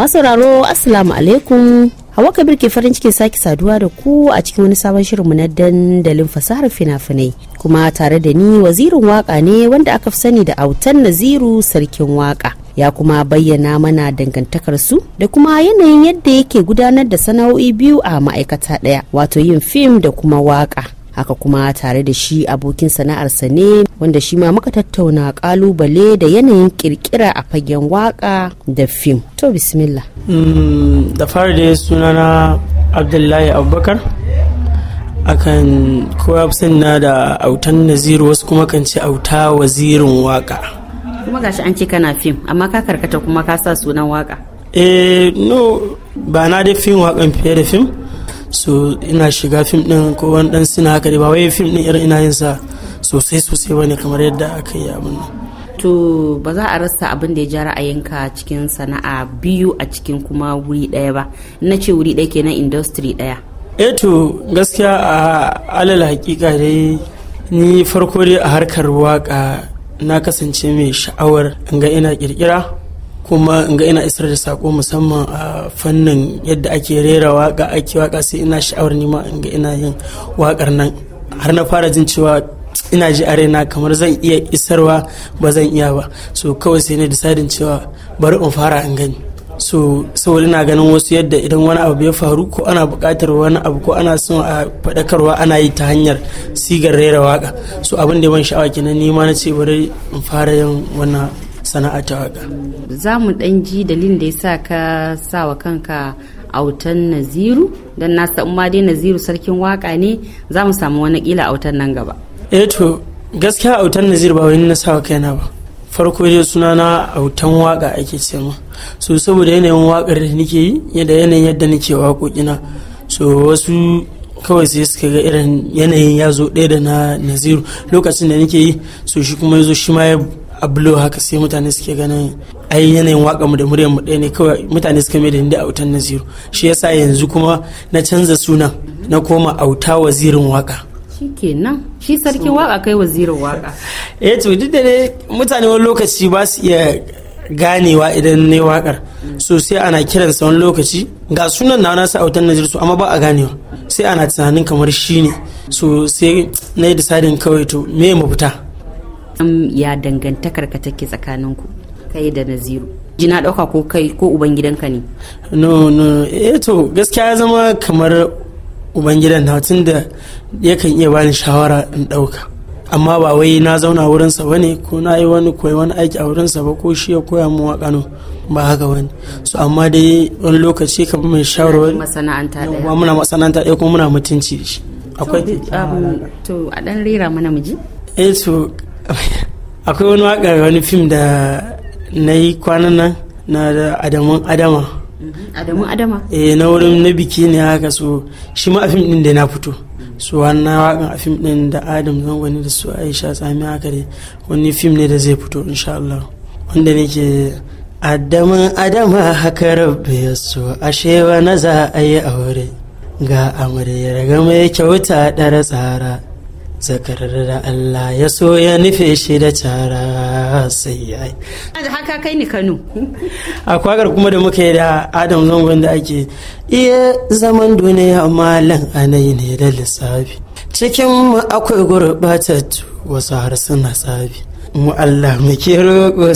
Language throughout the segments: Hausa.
masauraro asalamu alaikum hawa kabir ke farin cikin sake saduwa da ku a cikin wani sabon shirin mu na dandalin fasahar fina-finai kuma tare da ni wazirin waka ne wanda aka fi sani da autan naziru sarkin waka ya kuma bayyana mana dangantakar su da kuma yanayin yadda yake gudanar da sana'o'i biyu a ma'aikata ɗaya wato yin fim da kuma waka haka kuma tare da shi abokin sana'arsa ne wanda shi ma muka tattauna kalubale da yanayin kirkira a fagen waka da fim to bismillah mm, da fara da sunana abdullahi abubakar akan kowa na da autan naziru wasu kuma kan ce auta wazirin waka kuma gashi an ce kana fim amma ka karkata kuma ka sa sunan waka eh no ba na da fim wakan fiye da fim so ina shiga fim din ko wani dan suna haka ba wai fim din irin ina yin sa sosai sosai bane kamar yadda aka yi abin nan to ba za a rasa abin da ya ja yanka cikin sana'a biyu a cikin kuma wuri daya ba na ce wuri daya kenan industry daya. eh to gaskiya a alal hakika dai ni farko dai a harkar waka na kasance mai sha'awar in ga ina kirkira kuma in ga ina isar da sako musamman a fannin yadda ake rera waka ake waka sai ina sha'awar nima in ga ina yin wakar nan har na fara jin cewa ina ji a raina kamar zan iya isarwa ba zan iya ba so kawai sai na disadin cewa bari in fara in gani so saboda ina ganin wasu yadda idan wani abu ya faru ko ana buƙatar wani abu ko ana son a faɗakarwa ana yi ta hanyar sigar rera waka so abin da ya ban sha'awa kenan ni ma na ce bari in fara yin wannan sana'ata waka za mu dan ji dalilin da ya sa ka sawa kanka autan naziru don na san ma dai naziru sarkin waka ne za mu samu wani kila autan nan gaba eh to gaskiya autan naziru ba wani na sawa kaina ba farko dai suna autan waka ake ce ma so saboda yanayin wakar da nake yi yadda yanayin yadda nake waƙoƙina so wasu kawai sai suka ga irin yanayin ya zo ɗaya da na naziru lokacin da nake yi so shi kuma ya shi ma ya. a bulo haka sai mutane suke ganin ai yanayin waka mu da muryar mu ɗaya ne kawai mutane suka mai da inda autan naziru shi yasa yanzu kuma na canza suna na koma auta wazirin waka shikenan shi sarkin waka kai wazirin waka eh to duk da ne mutane wani lokaci ba su iya ganewa idan ne wakar so sai ana kiransa wani lokaci ga sunan na nasa autan naziru su amma ba a ganewa sai ana tunanin kamar shi ne so sai na yi kawai to me mafita ya dangantakar ka take tsakaninku kai da naziru jina dauka ko kai ko ubangidanka ne no no eh to gaskiya ya zama kamar ubangidan na tun da yakan iya bani shawara in dauka amma ba wai na zauna wurinsa ba ne ko na yi wani koyi wani aiki a wurinsa ba ko shi ya koya min kano ba haka wani so amma dai wani lokaci kamar mai shawarwari masana'anta ɗaya muna masana'anta ɗaya kuma muna mutunci shi akwai um, to a dan rera mana miji eh to akwai wani waka wani fim da na yi kwanan nan na adamun adama mhm, adamun adama eh na wurin na biki ne haka so shi ma a fim din da na fito mhm. su wannan wakan a fim din da adam zangoni da su aisha tsami haka dai wani fim ne da zai fito insha Allah wanda nake adamun adama haka rabbi ya so ashe wa na za a yi aure ga amaryar ga kyauta ɗara tsara zakarar da Allah ya so ya nufe shi da cara sai ya yi. Da haka kai ni Kano. A kwagar kuma da muka yi da Adam Zangon da ake iya zaman duniya malam anayi ne da lissafi. Cikin akwai gurɓatattu wasu harsuna sabi. Mu Allah ke roƙo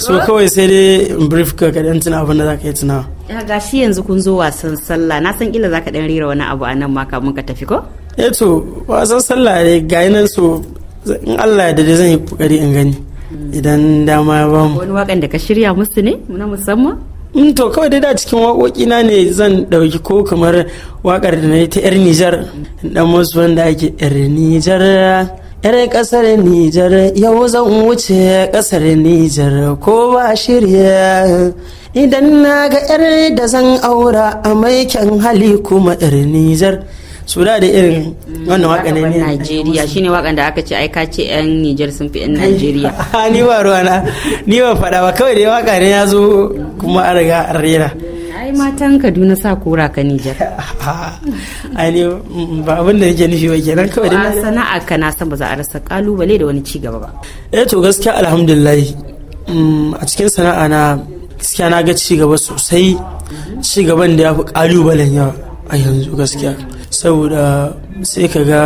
so kawai sai dai brief ka kaɗan tuna abin da za ka yi tunawa. ga shi yanzu kun zo wasan sallah na san kila za ka ɗan rera wani abu a nan ma kamun ka tafi ko? eto eh to wasan sallah ne ga nan so in Allah ya da zan yi kokari in gani idan dama ba mu wani wakan da ka shirya musu ne na musamman in mm, to kawai dai da cikin waƙoƙi na ne zan ɗauki ko kamar waƙar da na yi ta 'yar Nijar dan musu wanda ake 'yar Nijar 'yar ƙasar Nijar yau zan wuce ƙasar Nijar ko ba shirya idan na ga 'yar da zan aura a maikin hali kuma 'yar Nijar su da da irin wannan waka ne ne Najeriya shine wakan da aka ce ai ka ce yan Niger sun fi yan Najeriya ni ba ruwa na ni ba fada ba kawai dai waka ne ya zo kuma an riga an rera ai matan Kaduna sa kora ka Niger ai ni ba abin da yake nufi ba kenan kawai dai sana'a ka na san ba za a rasa kalubale da wani ci gaba ba eh to gaskiya alhamdulillah mm, a cikin sana'a na gaskiya na ga ci gaba sosai ci gaban da ya fi kalubalen yawa a yanzu gaskiya saboda sai ka ga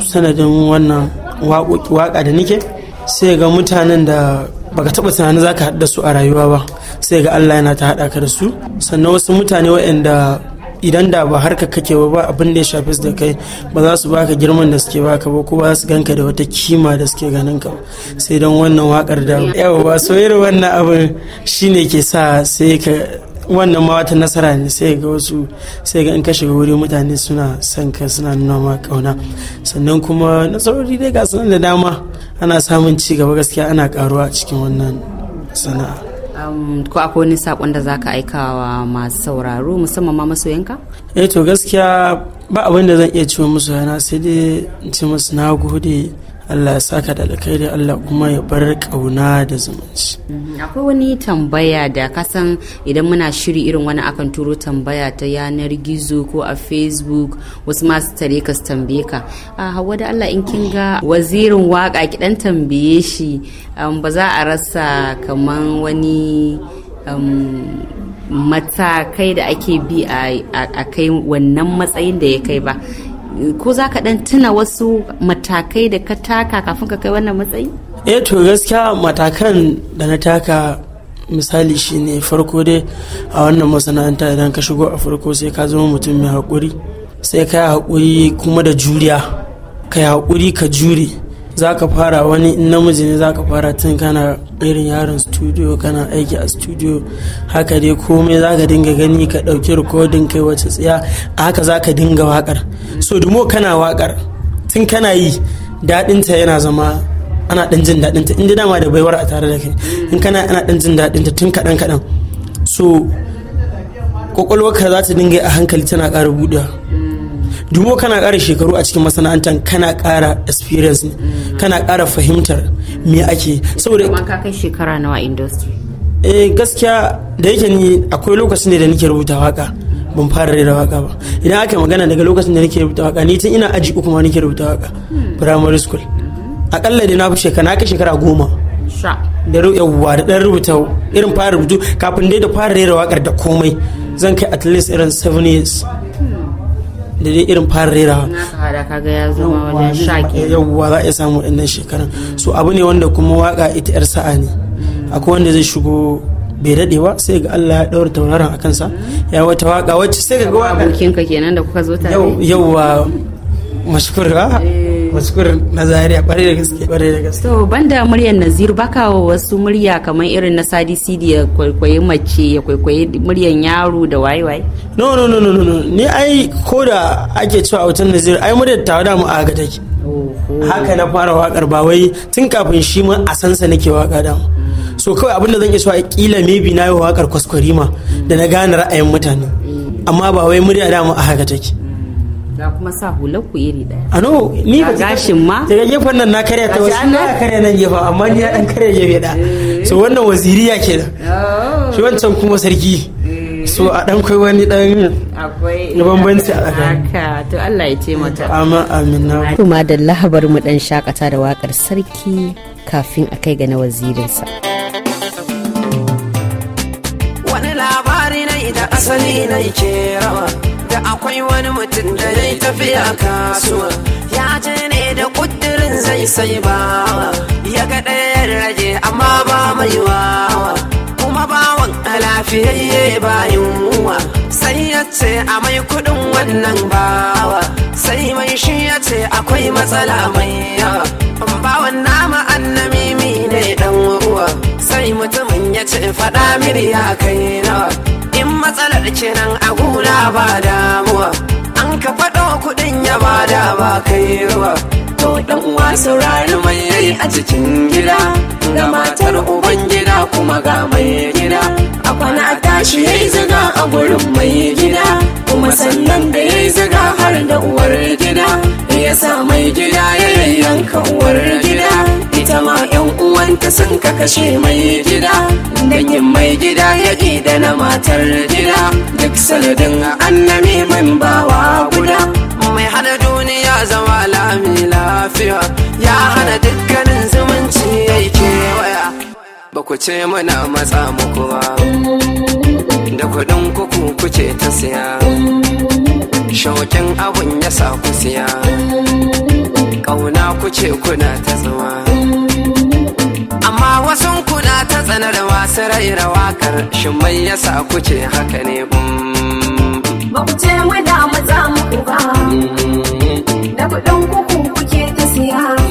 sanadin wannan waka da nike sai ga mutanen da baka taba tunanin za ka haɗa su a rayuwa ba sai ga allah yana ta haɗa ka da su sannan wasu mutane waɗanda idan da ba harka kake ba abin da ya shafi da kai ba za su baka girman da suke baka ba ko ba su ganka da wata kima da suke ganin ka sai don wannan wakar da yawa ba soyayyar wannan abin shine ke sa sai ka wannan ma wata nasara ne sai ga wasu sai ga in kashe shiga wuri mutane suna son ka suna nuna ma kauna sannan kuma nasarori dai ga sanar da dama ana samun ci gaba gaskiya ana karuwa a cikin wannan sana'a ko akwai wani sakon da zaka aika wa masu sauraro musamman ma masoyanka? eh to gaskiya ba abin da zan iya ciwon musu yana sai dai in ce musu na gode Allah ya saka da alkhairi Allah kuma ya bar kauna da zumunci. Mhm, akwai wani tambaya da kasan idan muna shiri irin wani akan turo tambaya ta yanar gizo ko a Facebook wasu masu tare ka tambaye ka. A hawa da Allah in kin ga wazirin waka ki dan tambaye shi um, ba za a rasa kamar wani um, matakai da ake bi a kai wannan matsayin da ya kai ba ko za ka dan tuna wasu matakai da ka taka kafin ka kai wannan matsayi eh to gaskiya matakan da na taka misali shine farko dai a wannan masana'anta idan ka shigo a farko sai ka zama mutum mai haƙuri sai ka yi haƙuri kuma da juriya ka yi haƙuri ka jure za ka fara wani namiji ne za ka fara tun kana irin yaron studio kana aiki a studio haka dai komai za ka dinga gani ka ɗauki rikodin kai wace tsiya a haka za ka dinga wakar so dumo kana wakar tun kana yi daɗinta yana zama ana ɗan jin daɗinta inda dama da baiwar a tare da kai in kana ana ɗan jin daɗinta tun kaɗan kaɗan so ka za ta dinga a hankali tana ƙara buɗewa dubo kana ƙara shekaru a cikin masana'antar kana ƙara experience ne mm. kana ƙara fahimtar me ake saboda kuma ka kai shekara nawa industry eh gaskiya da yake ni akwai lokacin ne da nake rubuta waka ban fara rera waka ba idan aka magana daga lokacin da nake rubuta waka ni tun ina aji uku ma nake rubuta waka hmm. primary school mm-hmm. akalla da na fi shekara na kai shekara goma da yawwa da dan rubuta irin fara rubutu kafin dai da fara rera wakar da komai zan kai at least irin 7 years da dai irin fara rera yawwa za a iya samu waɗannan shekarun so abu ne wanda kuma waka ita yar sa'a ne akwai wanda zai shigo bai daɗe ba sai ga Allah ya daura tauraron a kansa ya wata waka wacce sai ga abokinka kenan da kuka zo tare yawwa kuskuren na zaria kwarai da gaske kwarai da gaske to banda muryar nazir baka wasu murya kamar irin na sadi sidi ya kwaikwayi mace ya kwaikwayi muryar yaro da waye waye no no no no no ni ai ko da ake cewa wutan nazir ai muryar tawa da mu a ga take haka na fara wakar ba wai tun kafin shi mun a sansa nake waka da so kawai abinda zan iya cewa kila maybe na yi wakar kwaskwarima da na gane ra'ayin mutane mm. amma ba wai murya da mu a haka take ga kuma sa hular ku iri daya a ni ba gashin ma daga gefen nan na karya ta wasu na karya nan gefa amma ni na dan karya gefe da eh. so wannan waziriya da oh. shi wancan kuma sarki eh. so a dan kai wani dan akwai bambanci a haka to Allah ya ce mata amma amin na kuma da lahabar mu dan shakata da wakar sarki kafin a kai ga na sa. wani labari na ita asali na ke rawa da akwai wani mutum da ya yi tafiya kasuwa ya je ne da ƙudirin zai sai bawa ya ga ɗayar rage amma ba mai wawa kuma bawan a lafiyayye ba yunwa sai ya ce a mai kuɗin wannan bawa sai mai shi ya ce akwai matsala mai yawa bawan nama annami ne dan uwa sai mutumin ya ce faɗa miri ya kai nawa matsalar kenan a gona ba damuwa an ka faɗo kuɗin ya bada ba kai ruwa to dan wa saurari mai yayi a cikin gida da matar uban gida kuma ga mai gida a kwana a tashi yayi zaga a gurin mai gida kuma sannan da yayi zaga har da uwar gida ya sa mai gida ya yanka uwar gida dama yan uwanta sun ka kashe mai gida dangin mai gida ya da na matar gida duk sanadin annami mun bawa guda mai hana duniya zama lami lafiya ya hana duk ku ce mana matsa muku ba da kuɗin kuku kuce ta siya shauƙin abun ya sa ku siya ƙauna kuce kuna ta zama amma wasu kuna ta tsanar wasu raira wakar shi mai ya sa kuce haka ne ba ku ce mana matsa muku ba mm-hmm. da kuɗin kuku kuke ta siya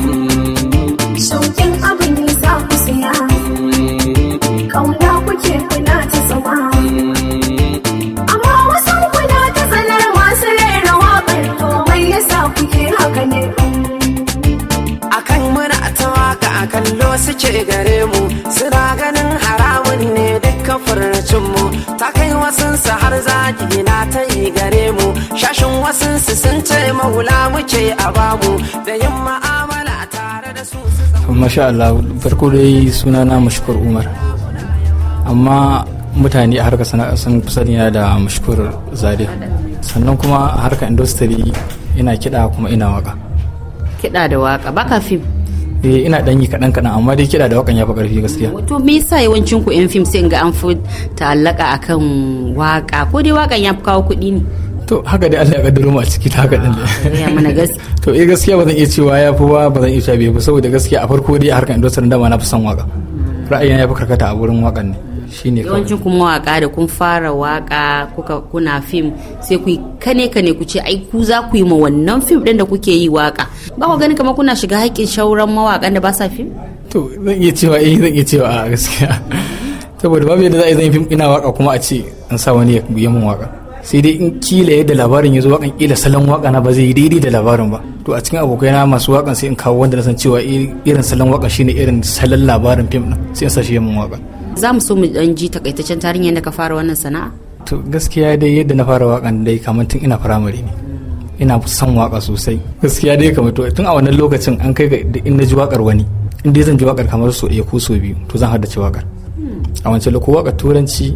wasansu sun maula muke a babu da yin ma'amala tare da su masha Allah farko dai sunana mashkur Umar amma mutane a harkar sana'a sun fi sani da mashkur Zaria sannan kuma a harkar industry ina kiɗa kuma ina waka kiɗa da waka baka fim eh ina dan yi kaɗan kaɗan amma dai kiɗa da wakan ya fi ƙarfi gaskiya to me yasa yawancin ku yan fim sai ga an fi ta'allaka akan waka ko dai wakan ya fi kawo kuɗi ne to haka dai Allah ya kaddaro mu a ciki ta haka din ah, ya mana gaskiya to eh gaskiya ba zan iya cewa ya fi ba ba zan iya cewa ba saboda gaskiya a farko dai a harkar industry dama na fi son waka ra'ayina ya fi karkata a wurin wakan ne shine yawancin kuma waka da kun fara waka kuka kuna fim sai ku kane kane ku ce ai ku za ku yi ma wannan fim din da kuke yi waka ba ku gani kamar kuna shiga haƙƙin shauran mawakan da ba sa fim to zan iya cewa eh zan iya cewa a gaskiya saboda babu yadda za a yi zan yi fim ina waka kuma a ce an sa wani ya mun waka sai dai in kila yadda labarin ya zo wakan kila salon waka na ba zai yi daidai da labarin ba to a cikin abokai na masu wakan sai in kawo wanda na san cewa eh, irin salon waka shine irin salon labarin fim din sai in sashi yamin waka za mu so mu dan ji takaitaccen tarihin yadda ka fara wannan sana'a to gaskiya dai yadda na fara wakan dai kamar tun ina firamare ne ina son waka sosai gaskiya dai kamar to tun a wannan lokacin an kai ga in na ji wakar wani in dai zan ji wakar kamar so ɗaya ko so biyu to zan haddace wakar hmm. a wancan lokacin waka turanci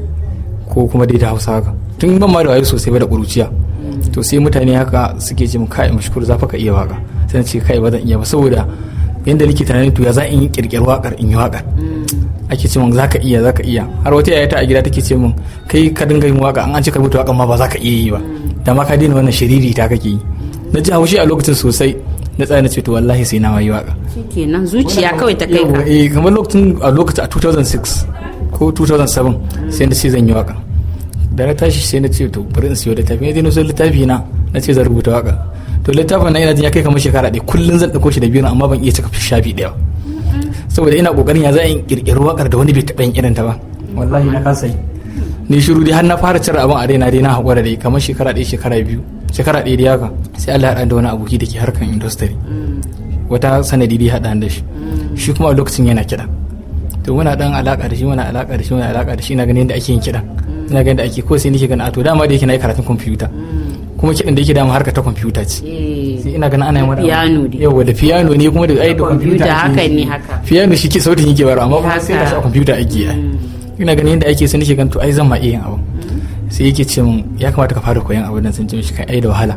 ko kuma dai da hausa haka tun ban ma da wayo sosai ba da kuruciya to sai mutane haka suke ce mu kai mashkur za fa ka iya waka sai ce kai ba zan iya ba saboda yanda nake tunanin to ya za in yi kirkir wakar in yi wakar mm. ake ce mun za ka iya za ka iya har wata yaya ta a gida take ce mun kai ka dinga yin waka an an ce ka rubuta wakan ma ba za ka iya yi ba da ma ka daina wannan shiriri ta kake yi na ji haushi a lokacin sosai na tsaya na ce to wallahi sai na wayi waka shikenan zuciya kawai ta kai ka eh kamar lokacin a lokacin a 2006 ko 2007 sai na ce zan yi waka da na tashi sai na ce to bari in siyo littafi ne zai so littafi na na ce zan rubuta waka to littafin na ina jin ya kai kamar shekara ɗaya kullum zan ɗauko shi da biyu amma ban iya cika shafi ɗaya saboda ina ƙoƙarin ya za yi kirkiri wakar da wani bai taɓa yin irin ta ba wallahi na kasa yi ni shiru dai har na fara cire abin a na dai na haƙura dai kamar shekara ɗaya shekara biyu shekara ɗaya dai haka sai Allah ya haɗa da wani aboki da ke harkar industry wata sanadi dai haɗa da shi shi kuma a lokacin yana kiɗa to muna dan alaƙa da shi muna alaƙa da shi muna alaƙa da shi ina ganin yadda ake yin kiɗan ina ganin da ake ko sai nake ganin a to dama da yake na yi karatun kwamfuta kuma kiɗan da yake dama harka ta kwamfuta ce eh. sai ina ganin ana yi wani piano ne yawa da piano ne kuma da ai da kwamfuta haka ne haka piano shi ke sautin yake bara amma kuma sai ka shi a kwamfuta ake yi mm. ina ganin yadda ake sai nake ganin to ai zan ma iya yin abu sai yake ce min ya kamata ka fara koyan abin nan sun ce shi kai ai da wahala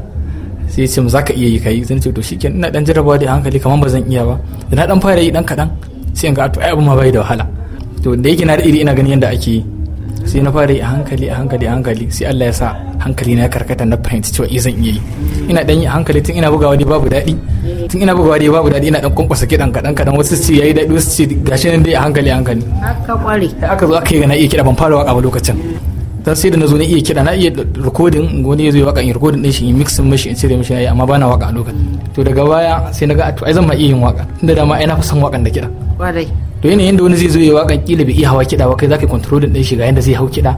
sai ya ce min zaka iya yi kai zan ce to shikenan ina dan jarabawa da hankali kamar ba zan iya ba da na dan fara yi dan kadan sai in ga to ai abu ma bai da wahala to da yake na da iri ina ganin yadda ake yi sai na fara yi a hankali a hankali a hankali sai Allah ya sa hankali na karkata na fahimci cewa izan eh iya yi ina dan yi a hankali tun ina bugawa ne babu daɗi tun ina bugawa ne babu daɗi ina dan kwankwasa kiɗan kaɗan kaɗan wasu su yayi daɗi wasu ce gashi nan dai a hankali a hankali aka kware aka zo aka yi na iya kiɗa ban fara waka ba lokacin dan sai da na zo na iya kiɗa na iya recording wani ya zo waka in recording din shi in mixin mashi in cire mashi yayi amma bana waka a lokacin to daga baya sai na ga to ai zan ma iya yin waka inda dama ai na fi son wakan da kiɗa kwarai to yanayin da wani zai zo ya kan kila bai iya hawa kiɗa ba kai zaka control din shi ga yanda zai hau kiɗa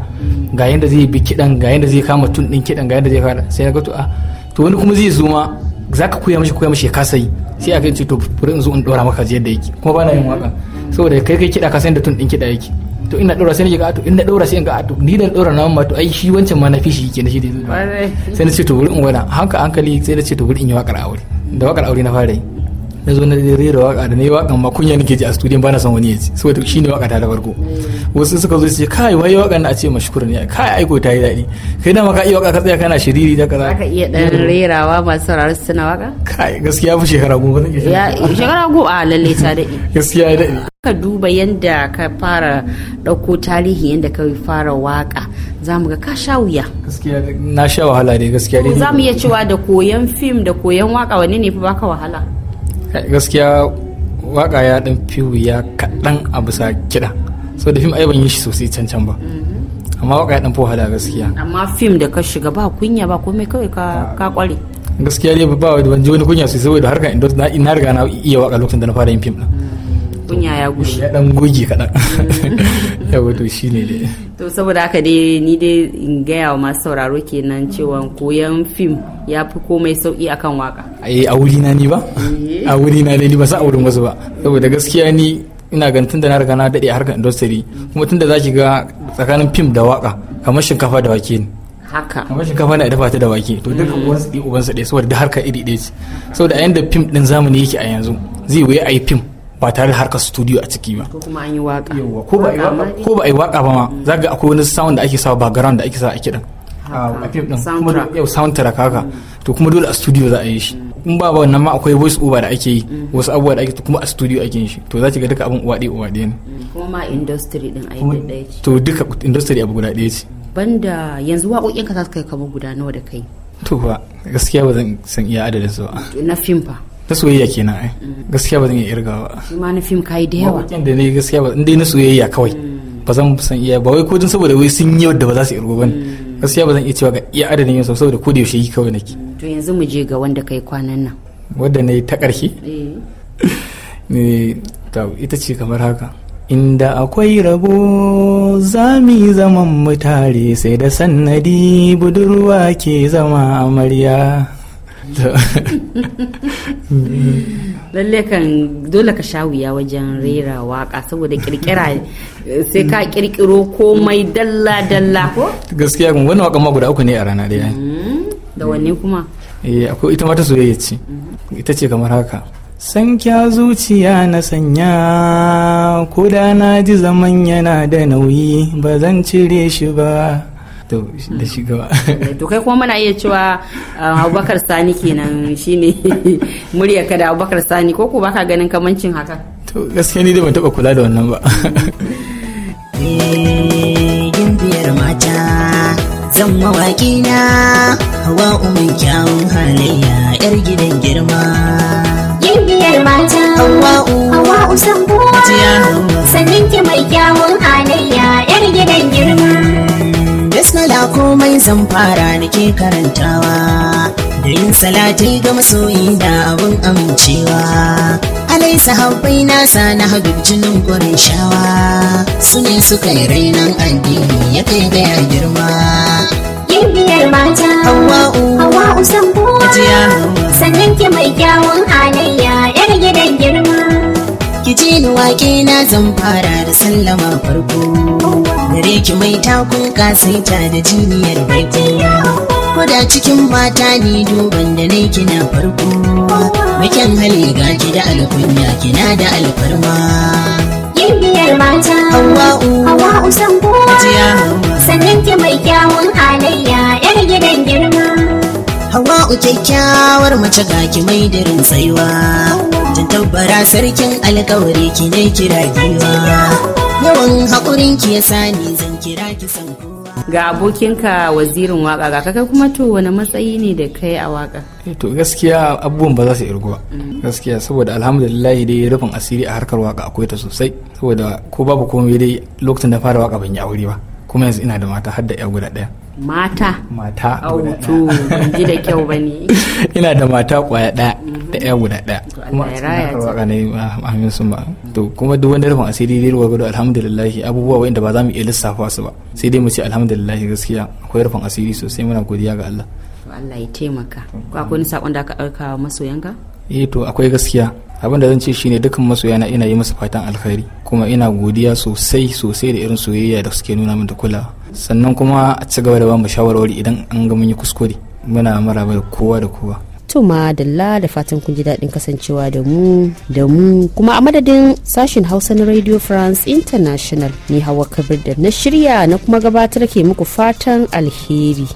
ga yanda zai bi kiɗan ga yanda zai kama tun din kiɗan ga yanda zai fara sai ga to a ah, to wani kuma zai zo ma zaka koya mishi koya mishi ka sai yi sai aka ce to bari in zo in dora maka yadda yake kuma bana yin waka saboda kai kai kiɗa ka san da tun din kiɗa yake to ina dora sai nake ga to ina dora sai in ga ah, to ni dan dora na ma to ai shi wancan ma na fi shi yake na shi dai sai na ce to bari in wala hanka hankali sai na ce to bari in yi wakar aure da wakar aure na fara yi na zo na rera waka da na yi waka amma kunya nake ji a studio bana son wani ya ji saboda shine waka ta da farko wasu suka zo su ce kai wai na a ce mashkur ne kai aiko ta yi daɗi kai da maka iya waka ka tsaya kana shiriri da kaza ka iya dan rerawa masu sauraro suna waka kai gaskiya fi shekara goma zan iya shekara goma a lalle ta daɗi gaskiya daɗi ka duba yadda ka fara ɗauko tarihi yadda ka fara waka za mu ga ka sha wuya gaskiya na sha wahala dai gaskiya dai za mu iya cewa da koyan fim da koyan waka wani ne fi baka wahala gaskiya waka ya dan fiwu ya kaɗan a bisa kiɗa so da fim ai ban yi shi sosai can can ba mm-hmm. amma waka ya dan fi wahala gaskiya amma fim da ka shiga ba kunya ba komai kawai ka kware gaskiya ne ba wa ban ji wani kunya sosai saboda harkar indot na ina riga na iya waka lokacin da na fara yin fim din mm. kunya ya gushi ya dan goge kaɗan mm. yawa to shi ne dai to saboda haka dai ni dai in gaya wa masu sauraro kenan cewa koyan fim ya fi komai sauki akan waka a wuri na ni ba eh. a wuri na ne ni ba sa a wurin wasu ba saboda gaskiya ni ina gan tunda na riga na dade harkar industry kuma tunda zaki ga tsakanin fim da waka kamar shinkafa da wake ne haka kamar shinkafa na dafa ta da wake to duka mm. uwansu ɗaya ubansu ɗaya saboda harka iri ɗaya ce saboda a yanda fim ɗin zamani yake a yanzu zai wuya a yi fim ba tare da harkar studio a ciki ba ko kuma an yi waka ko ba a yi waka ba ma za ga akwai wani sound da ake sawa background da ake sa a kiɗan a fim din kuma yau soundtrack haka to kuma dole a studio za a yi shi in ba ba wannan ma akwai voice over da ake yi mm. wasu abubuwa da ake kuma a studio ake yin shi to za ki ga duka abin uwa ɗaya uwa ɗaya ne mm, kuma ma industry din a yi ɗaya to duka industry abu guda ɗaya ce banda yanzu waƙoƙin ka za su kai kamar guda nawa da kai to ba gaskiya ba zan san iya adadin su ba na fim fa ta soyayya kenan ai gaskiya ba zan iya irga ba shi ma na fim kai da yawa inda ne gaskiya ba inda na soyayya kawai mm. ba zan san iya ba wai ko saboda wai sun yi wadda ba za su irgo ba ne mm. gaskiya ba zan iya cewa ga iya adadin yin saboda ko da yaushe yi kawai nake to yanzu mu je ga wanda kai kwanan nan wadda na yi ta ƙarshe eh. ne ta ita ce kamar haka inda akwai rabo za mu yi zaman mutare sai da sannadi budurwa ke zama amarya lalle kan dole ka sha wuya wajen rera waka saboda kirkira sai ka kirkiro komai dalla dalla ko gaskiya kuma wannan wakan ma guda uku ne a rana daya hmm, da wanne kuma eh akwai ita ma ta soyayya ce ita ce kamar haka san kya zuciya na sanya ko da na ji zaman yana da nauyi ba zan cire shi ba to da shugaba eh, to kai kuma muna iya cewa eh, abubakar sani kenan shine murya ka da abubakar sani ko ko baka ganin kamancin haka to gaskiya ni dai ban taba kula da wannan ba eh, gimbiyar mata zan mawaƙi na hawa umar kyawun halayya yar gidan girma gimbiyar mata hawa usan buwa sannin ki mai kyawun halayya yar gidan girma basmala komai zan fara nake karantawa da yin salati ga masoyi da abin amincewa alai nasa na haɗu jinin gurin shawa su ne suka yi rainon addini ya kai gaya girma yin biyar mata hawa'u hawa'u sannan ki mai kyawun halayya mini wake na zan fara da sallama farko dare ki mai takun ta da jiniyar baiko da cikin mata ni duban da nai kina farko makin hali ga ki da alkunya kina da alfarma biyar mata hawa'u uwa san kowa sannan ki mai kyawun halayya yar gidan girma u kyakkyawar mace ga ki mai dirin tsayuwa tabbara sarkin alkawari ki ne kira giwa yawan haƙurin ki ya sani zan kira ki san ga abokinka wazirin waka ga kaka kuma to wani matsayi ne da kai a waka eh to gaskiya abubuwan ba za su irguwa ba mm. gaskiya saboda alhamdulillah dai rufin asiri a harkar waka akwai ta sosai saboda ko babu komai dai lokacin da fara waka ban yi aure ba kuma yanzu ina da mata har da yar guda daya mata mata auto ji da kyau bane ina da mata kwaya daya ta ɗaya guda ɗaya kuma a na yi amin sun ba to ah, ah, kuma duk wanda rufin asiri dai ruwa gudu alhamdulillah abubuwa wanda ba za mu iya lissafa su ba sai dai mu ce alhamdulillah gaskiya akwai rufin asiri sosai muna godiya ga Allah Allah ya taimaka ko akwai wani sakon da aka ɗauka masoyanka eh to akwai gaskiya abin da zan ce shine dukkan masoyana ina yi musu fatan alkhairi kuma ina godiya sosai sosai da irin soyayya da suke nuna min da kulawa sannan kuma a ci gaba da ba mu shawarwari idan an ga mun yi kuskure muna maraba da kowa da kowa to madalla da fatan kun ji daɗin kasancewa da mu da mu kuma a madadin sashen hausa na radio france international ni hawa kabir da na shirya na kuma gabatar ke muku fatan alheri.